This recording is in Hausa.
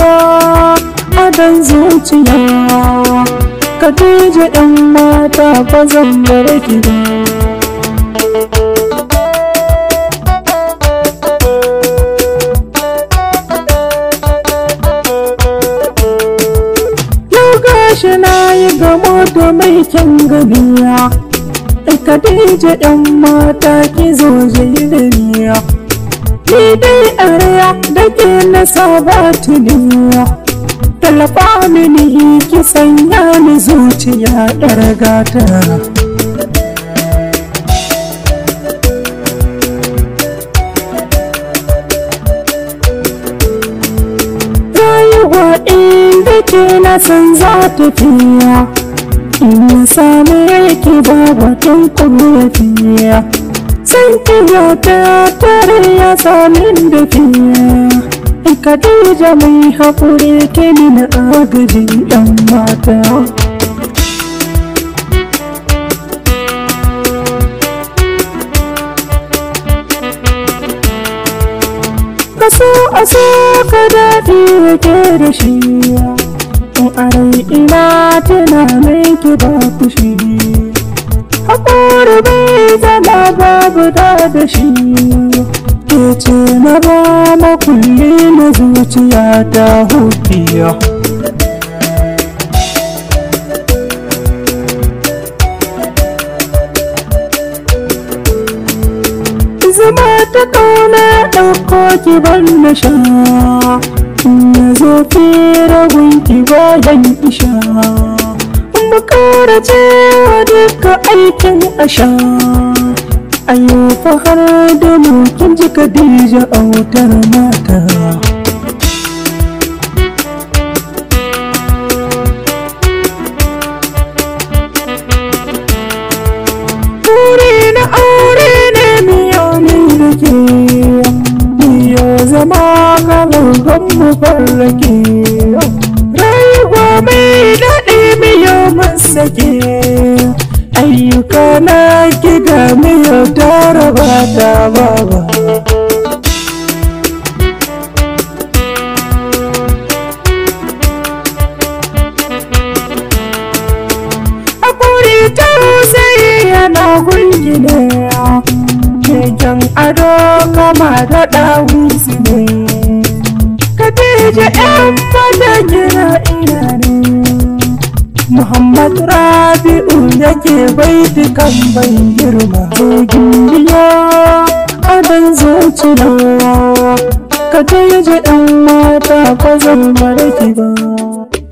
a adan zuciya ka tuje ɗan mata ba zan bar gida Shi na yi gamo da mai kyan gabiya, ka tuje ɗan mata ki zo jirgin ni dai arya da ke na saba tuniya talafa mini ki sanya ni zuciya ɗar gata ce na san za ta fiya in samu yake babatun kuma ya fiya san ta tarar ya samin da fiye kadija mai haƙuri ta na agajin yan mata kaso a so ka daɗi wake da shi a rai ina tana mai ki ba kushi haƙuri bai da shi ke ce na ba makulli na zuciya ta hukiya zama ta kauna ɗauko ki ban na sha na zo fira gunki bayan isha mu kara cewa duka aikin asha an fahar da mu kin ji Khadija autar mata Buri na aure ne miyo min da ke miyo zama kalon mu farrake rayuwa mai daɗi miyo mun sake ayyuka na ki mu yaudara ba ta baba a ta sai yana gungine keken ado kama da ɗawun ne ka 'yan fada nake baitukan ban girma ko gimbiya adan zuciya ka ta yi ɗan mata ko zan barki ba